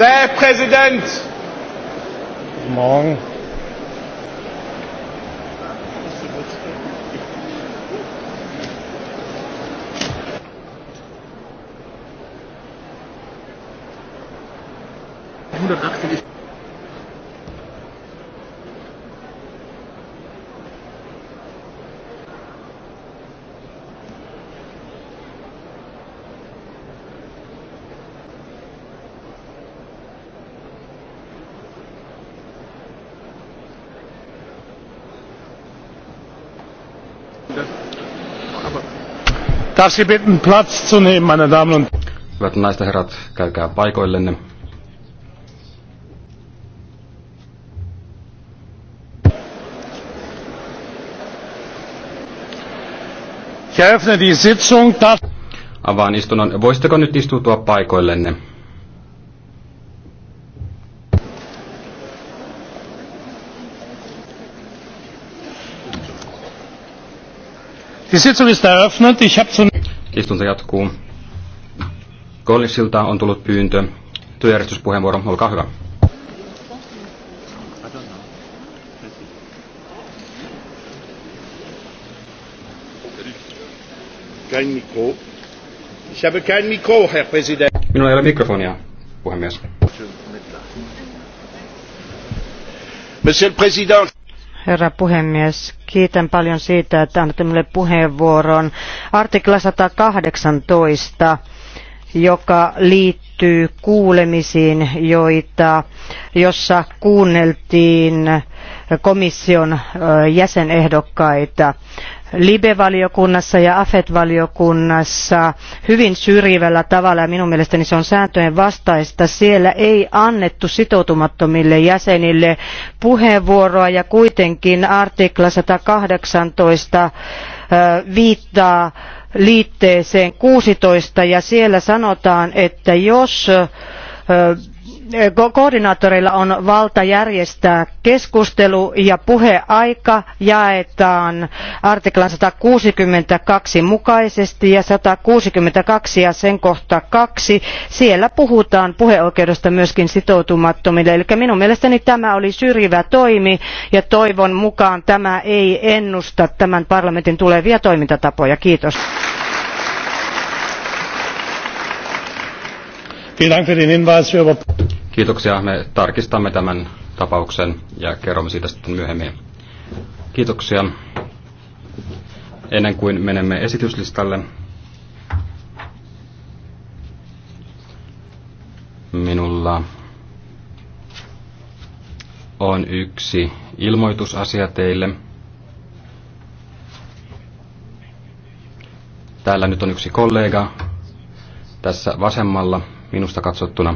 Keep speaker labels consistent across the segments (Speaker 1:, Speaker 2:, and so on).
Speaker 1: Der Herr Präsident! Guten Morgen. Ich Darf Sie bitten, zu nehmen, meine Damen und Hyvät naiset herrat, käykää paikoillenne. Ich eröffne die Sitzung. Avaan istunnon. Voisitteko nyt istutua paikoillenne? Istunto jatkuu. Kollisilta on tullut pyyntö. Työjärjestyspuheenvuoro, olkaa hyvä. Minulla ei ole mikrofonia, puhemies. Monsieur le Président,
Speaker 2: herra puhemies. Kiitän paljon siitä, että annatte minulle puheenvuoron. Artikla 118, joka liittyy kuulemisiin, joita, jossa kuunneltiin komission jäsenehdokkaita. Libe-valiokunnassa ja AFET-valiokunnassa hyvin syrjivällä tavalla ja minun mielestäni se on sääntöjen vastaista. Siellä ei annettu sitoutumattomille jäsenille puheenvuoroa ja kuitenkin artikla 118 viittaa liitteeseen 16 ja siellä sanotaan, että jos koordinaattoreilla on valta järjestää keskustelu ja puheaika jaetaan artiklan 162 mukaisesti ja 162 ja sen kohta kaksi. Siellä puhutaan puheoikeudesta myöskin sitoutumattomille. Eli minun mielestäni tämä oli syrjivä toimi ja toivon mukaan tämä ei ennusta tämän parlamentin tulevia toimintatapoja. Kiitos. Vielen Dank für den Hinweis.
Speaker 1: Kiitoksia. Me tarkistamme tämän tapauksen ja kerromme siitä sitten myöhemmin. Kiitoksia. Ennen kuin menemme esityslistalle, minulla on yksi ilmoitusasia teille. Täällä nyt on yksi kollega tässä vasemmalla minusta katsottuna.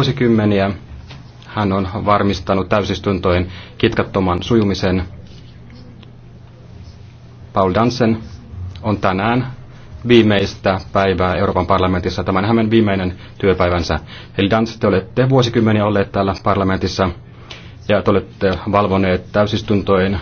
Speaker 1: vuosikymmeniä hän on varmistanut täysistuntojen kitkattoman sujumisen. Paul Dansen on tänään viimeistä päivää Euroopan parlamentissa. tämän hänen viimeinen työpäivänsä. Eli Dans, te olette
Speaker 2: vuosikymmeniä olleet täällä parlamentissa ja te olette valvoneet täysistuntojen